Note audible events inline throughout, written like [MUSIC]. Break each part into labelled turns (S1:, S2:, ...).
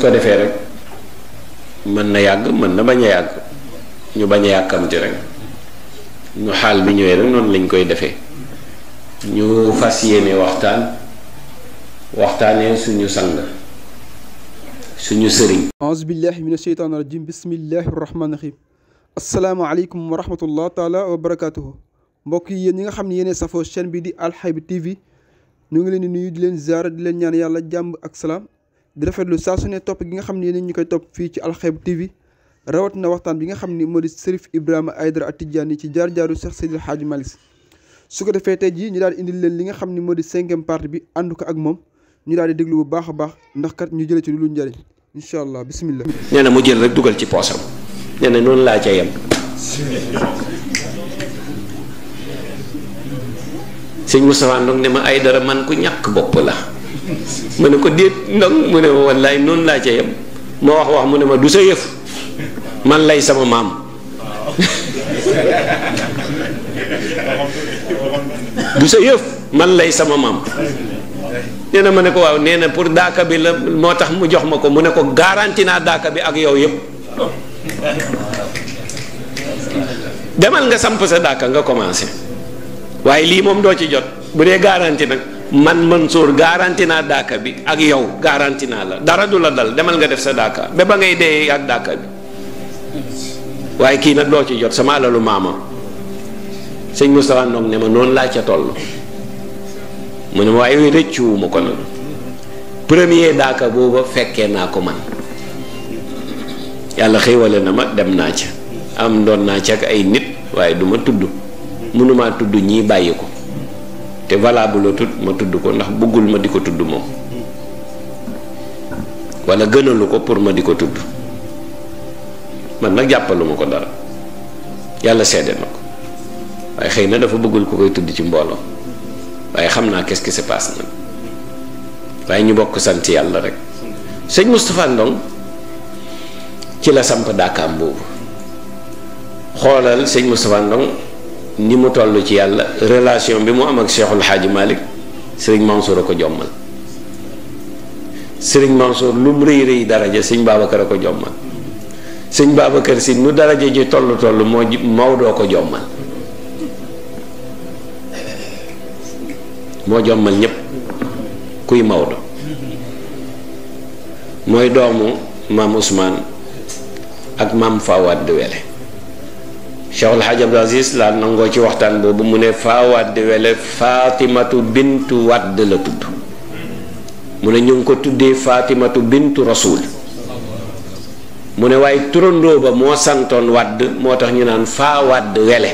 S1: ko defee rek mën na yàgg mën na bañ a yàgg ñu bañ a yàkkamti rek ñu xaal bi ñëwee rek noonu lañu koy defee ñu fas yéene waxtaan waxtaanee suñu sang suñu sëriñ
S2: aouzu billahi min asheytaan rajim bismillahi rahmaani rahim asalaamaaleykum wa rahmatullah taala wa barakatuhu mbokk yi yéen nga xam ne yéenee safoo chaîne bi di Al Haïbou TV ñu ngi leen di nuyu di leen ziara di leen ñaan yàlla jàmb ak salaam di rafetlu saa su ne topp gi nga xam ne yéen ñu koy topp fii ci alxeebu TV rawat na waxtaan bi nga xam ni moo di Serif Ibrahima Aïdara At-Tidjânî ci jaar-jaaru Cheikh Seydil Hadji Malick su ko defee tey jii ñu daal di leen li nga xam ni moo di cinquième partie bi ànd ko ak moom ñu daal di déglu bu baax a baax ndax kat ñu jëlee ci lu njariñ incha allah bisimilah.
S1: nee na mu jël rek dugal ci poosam nee na noonu laa ca yem. sëñ Moustapha Ndong ne ma Aïdara man ku ñàkk bopp la. ma ne ko déet ndong mu ne ma wallaay noonu laa ca yem ma wax wax mu ne ma du sa yëf man lay sama maam du yëf man lay sama maam na ma ne ko waaw nee na pour daaka bi la moo tax mu jox ma ko mu ne ko garanti naa daaka bi ak yow yëpp demal nga samp sa daaka nga commencé waaye lii moom doo ci jot bu dee garanti nag man man Mansour garanti naa daaka bi ak yow garanti naa la dara du la dal demal nga def sa daaka ba ba ngay dee ak daaka bi waaye kii nag loo ci jot sama alalu maama sëñ Moustapha Ndong ne ma noonu laa ca toll mu ne ma waaye rëccuwuma ko nag premier daaka booba fekkee naa ko man yàlla xéewale na ma dem naa ca am doon naa ca ak ay nit waaye du ma tudd mënumaa tudd ñii bàyyi ko te valable tut ma tudd ko ndax bëggul ma di ko tudd moom wala gënalu ko pour ma di ko tudd man nag jàppaluma ko dara yàlla seede na ko waaye xëy na dafa bëggul ko koy tudd ci mbooloo waaye xam naa qu'est-ce qui se waaye ñu bokk sant yàlla rek sëñ Moustapha Ndong ci la samp daakaam boobu xoolal sëñ Moustapha Ndong ni mu toll ci yàlla relation bi mu am ak Cheikhul Xaaji Malick sëriñ Mansour a ko jommal sëriñ Mansour lu mu rëy rëy daraja sëñ Babacar a ko jommal sëñ Babacar si nu daraja ji toll toll moo Maodo ko jommal moo jommal ñépp kuy Maodo mooy doomu maam Ousmane ak maam Fawad Wele Cheikh El Hadj Abdou laa nangoo ci waxtaan boobu mu ne faa wadd wele Fatimatu bintu wadd la tudd mu ne ñu ko tuddee Fatimatu bintu Rasul mu ne waaye turandoo ba moo santoon wadd moo tax ñu naan faa wadd wele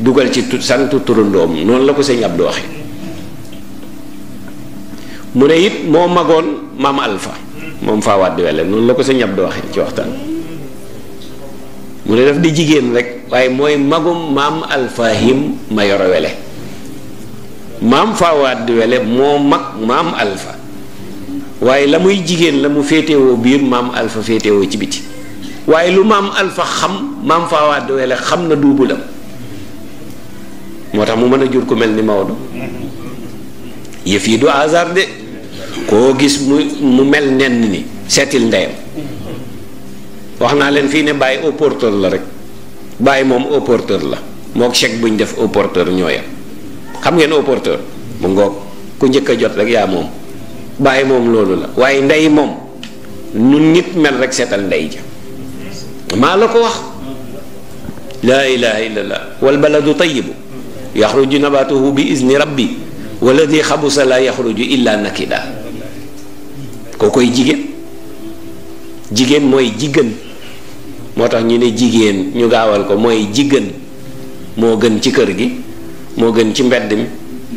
S1: dugal ci santu turandoom noonu la ko sëñ Abdou waxe mu ne it moo magoon maam Alpha moom faa wadd wele noonu la ko sëñ Abdou waxe ci waxtaan mu ne daf di jigéen rek waaye mooy magum maam alfahim ma yoro wele maam faawaat di wele moo mag maam alfa waaye la muy jigéen la mu féetewoo biir maam alfa féetewoo ci biti waaye lu maam alfa xam maam faawaat di wele xam na duubulam moo tax mu mën a jur ku mel ni Maodo yëf yi du hasard de koo gis mu mu mel nenn ni seetil ndeyam wax naa leen fii ne bàyyi au la rek bàyyi moom au la moo chèque bu ñu def au porteur ñoo yem xam ngeen au mu ngoog ku njëkk jot rek yaa moom bàyyi moom loolu la waaye ndey moom nu nit mel rek seetal ndey ja maa la ko wax laa ilaha illallah wal baladu tayyibu yaxruju nabatuhu bi izni rabbi waladi xabusa la yaxruju illa nakida koo koy jigéen jigéen mooy jigéen moo tax ñu ne jigéen ñu gaawal ko mooy jigéen moo gën ci kër gi moo gën ci mbedd mi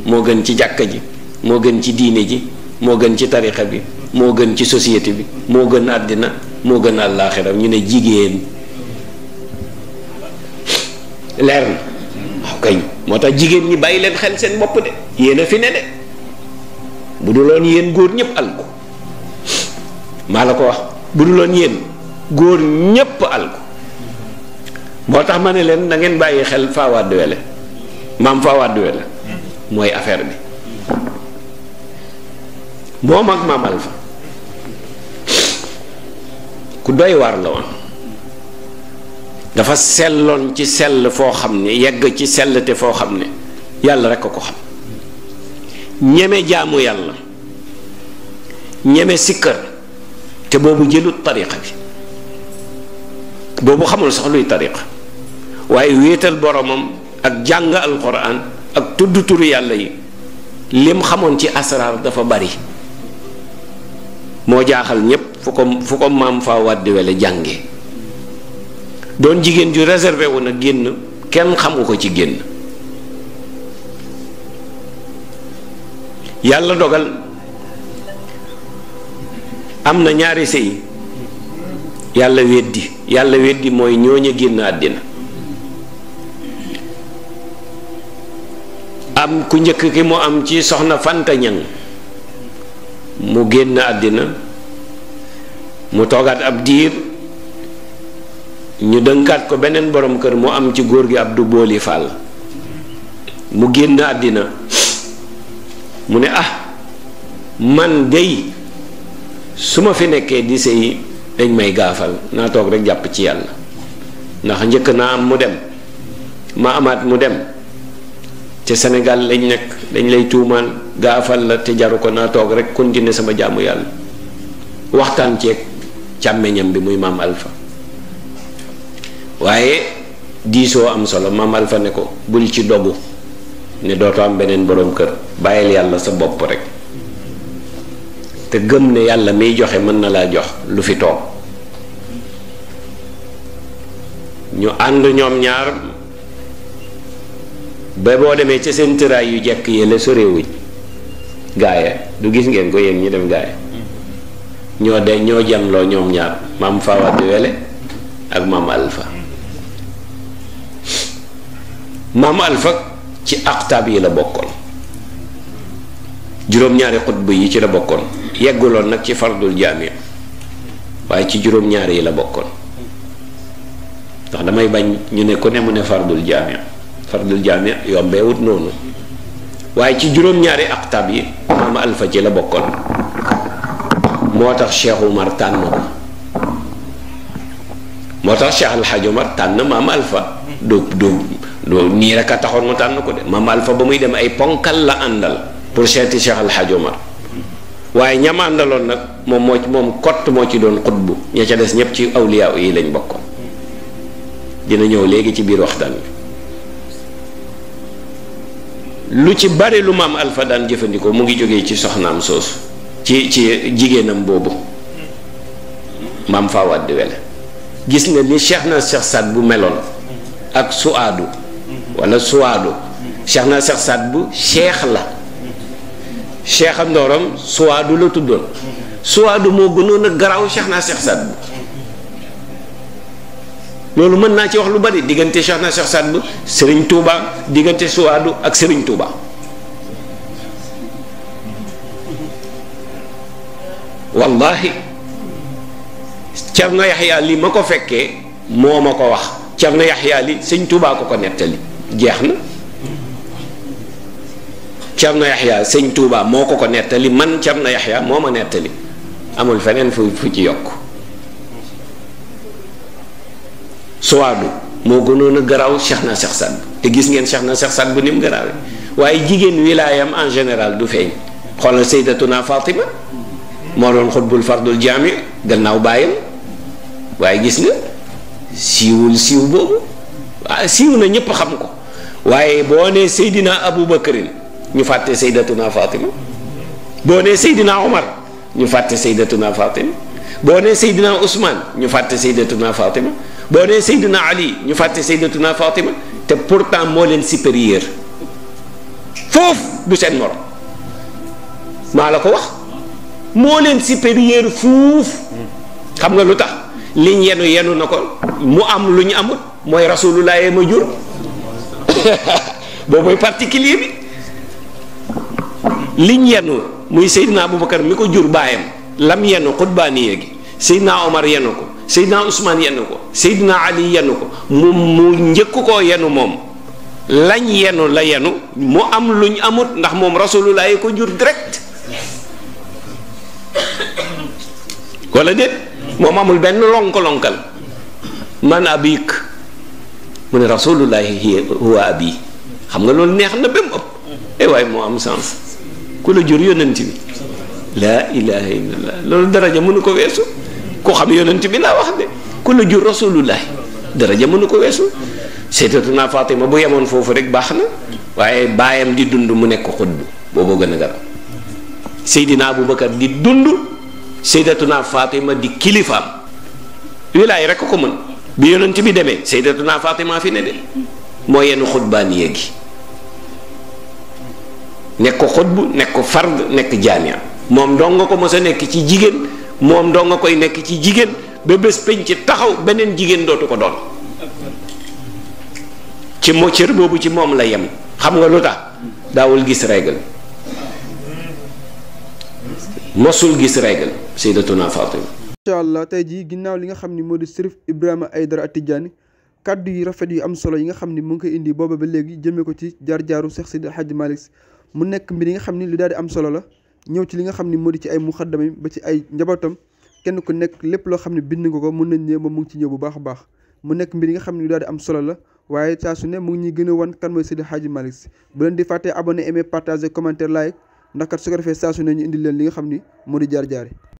S1: moo gën ci jàkka ji moo gën ci diine ji moo gën ci tarixa bi moo gën ci société bi moo gën àddina moo gën àllaaxira ñu ne jigéen leer na moo tax jigéen ñi bàyyi leen xel seen bopp de yéen a fi ne de bu du yéen góor ñëpp alko maa la ko wax bu du loon yéen góor ñépp alku moo tax ma ne leen na ngeen bàyyi xel faawaadu wele maam faawaadu wele mooy affaire bi moom ak maam Alfa ku doy waar la woon dafa selloon ci sell foo xam ne yegg ci sell te foo xam ne yàlla rek a ko xam ñeme jaamu yàlla ñeme sikkër te boobu jëlut tariqa bi boobu xamul sax luy waaye wéetal boromam ak jàng alquran ak tudd turu yàlla yi lim xamoon ci asraar dafa bari moo jaaxal ñépp fu ko fu ko maam faa wàddi jànge doon jigéen ju réservé wu génn kenn xamu ko ci génn yàlla dogal am na ñaari sëy yàlla weddi yàlla weddi mooy ñooñ a génn àddina am ku njëkk ki mu am ci soxna fantañan mu génn àddina mu toogaat ab diir ñu dënkaat ko beneen boroom kër mu am ci góor gi Abdou Booli Fall mu génn àddina mu ne ah man dey su ma fi nekkee di sëy dañ may gaafal naa toog rek jàpp ci yàlla ndax njëkk naa am mu dem ma amaat mu dem te senegal lañ nekk dañ lay tuumaal gaafal la te jaru ko naa toog rek kontine sama jaamu yàlla waxtaan ceeg càmmeñam bi muy maam Alpha waaye diisoo am solo maam Alpha ne ko bul ci dogu ne dootu am beneen boroom kër bàyyil yàlla sa bopp rek te gëm ne yàlla miy joxe mën na laa jox lu fi toog ñu ànd ñoom ñaar ba boo demee ca seen tëraay yu jekk yële sorewuñ gaaya du gis ngeen ko yéen ñu dem gaaya ñoo de ñoo jamloo ñoom ñaar maam Fawade Wele ak maam Alpha maam Alpha ci aqtaab yi la bokkoon juróom-ñaari xutba yi ci la bokkoon yegguloon nag ci fardul jaami waaye ci juróom-ñaari yi la bokkoon ndax damay bañ ñu ne ku ne mu ne fardul jaami fardul jaami yombee wut noonu waaye ci juróom-ñaari aqtab yi moom alfa ci la bokkoon moo tax Cheikh Umar tànn ko moo tax Cheikh El Hadj tànn maam Alpha du du nii rek a taxoon mu tànn ko de maam Alpha ba muy dem ay ponkal la àndal pour seeti Cheikh Al Hadj waaye ñamaandaloon nag moom moo ci moom kott moo ci doon xutbu ña ca des ñëpp ci awliyaa yi lañ bokkoon dina ñëw léegi ci biir waxtaan bi lu ci bari lu maam Alfa daan jëfandikoo mu ngi jógee ci soxnaam soosu ci ci jigéenam boobu maam Fawad di gis nga ni Cheikh na Cheikh Saad bu meloon ak suaadu walla suaadu Cheikh na Cheikh Saad bu cheikh la cheikh am ndoorom suwaadu la tuddoon suwaadu moo gënoon a garaaw cheikh na cheikh Saad bu loolu mën naa ci wax lu bari diggante cheikh naa cheikh Saad bu sëriñ Touba diggante suwaadu ak sëriñ Touba. wallahi Cerno Yaxya li ma ko fekkee moo ma ko wax Cerno Yaxya li sëñ Touba ko ko nettali jeex na Cerno Yaxya sëñ Touba moo ko ko nettali man Cerno Yaxya moo ma nettali amul feneen fu fu ci yokk suwaadu moo gënoon a garaaw Cheikh na Cheikh Saad Bou te gis ngeen Cheikh na Cheikh Saad Bou ni garaawee waaye jigéen wilaayam en général du feeñ xoolal Sayyidatuna Fatima moo doon xutbul fardul jaami gannaaw bàyyam waaye gis nga siiwul siiw boobu siiw na ñépp xam ko waaye boo nee Seydina Abu Bakarin ñu fàtte saydatuna Fatima boo nee Seydina Omar ñu fàtte saydatuna Fatima boo nee Seydina Ousmane ñu fàtte saydatuna Fatima boo nee Seydina Ali ñu fàtte saydatuna Fatima te pourtant moo leen supérieur foofu du seen morom maa la ko wax moo leen supérieur fuuf xam nga lu tax liñ yenu yenu na ko mu am lu ñu amul mooy rasulullah ma jur [LAUGHS] boobu mooy bi liñ yenu muy Seydina Aboubacar mi ko jur baayam lam yenu xutbaaniya gi Seydina Omar yenu ko Seydina Ousmane yenu ko Seydina Ali yenu ko mu mu njëkk koo yenu moom lañ yenu la yenu mu am luñ amut ndax moom rasulullah ko jur direct walla déet moom amul benn lonk-lonkal man abik mu ne rasulullah huwa abi xam nga loolu neex na ba mu ëpp eh waaye moo am sens ku la jur yonent bi laa ilaha illallah loolu daraja mënu ko weesu ku xam yonent bi laa wax de ku la jur rasulullahi daraja mënu ko weesu sayyidatuna Fatima bu yemoon foofu rek baax na waaye baayam di dund mu nekk xutb booboo gën a garab Seydina Aboubacar di dund sayyidatuna Fatima di kilifaam wilaay rek ko mën bi yonent bi demee sayyidatuna Fatima fi ne de moo yenn xutbaani yeegi nekk ko xutbu nekk ko fard nekk jaamia moom doo nga ko mos a nekk ci jigéen moom doo nga koy nekk ci jigéen ba bés penc ci taxaw beneen jigéen dootu ko doon ci moo cër boobu ci moom la yem xam nga lu tax daawul gis règle mosul gis règle Sayyidatuna Fatima incha
S2: allah tey jii ginnaaw li nga xam ni moo di Cherif Ibrahima Aidara Tidiane kàddu yi rafet yu am solo yi nga xam ni mu ngi koy indi booba ba léegi jëmee ko ci jaar-jaaru Cheikh Seydi Hadji Malick mu nekk mbir yi nga xam ni lu daal am solo la ñëw ci li nga xam ni moo di ci ay muxaddama ba ci ay njabootam kenn ku nekk lépp loo xam ne bind nga ko mën nañ ne moom mu ngi ci ñëw bu baax a baax mu nekk mbir yi nga xam ni lu daal am solo la waaye saa su ne mu ngi ñuy gën a wan kan mooy Seydi Hadji Malick Sy leen di fàttee abonné aimé partager commentaire like ndax kat su ko defee saa ne ñu indi leen li nga xam ni moo di jaar jaare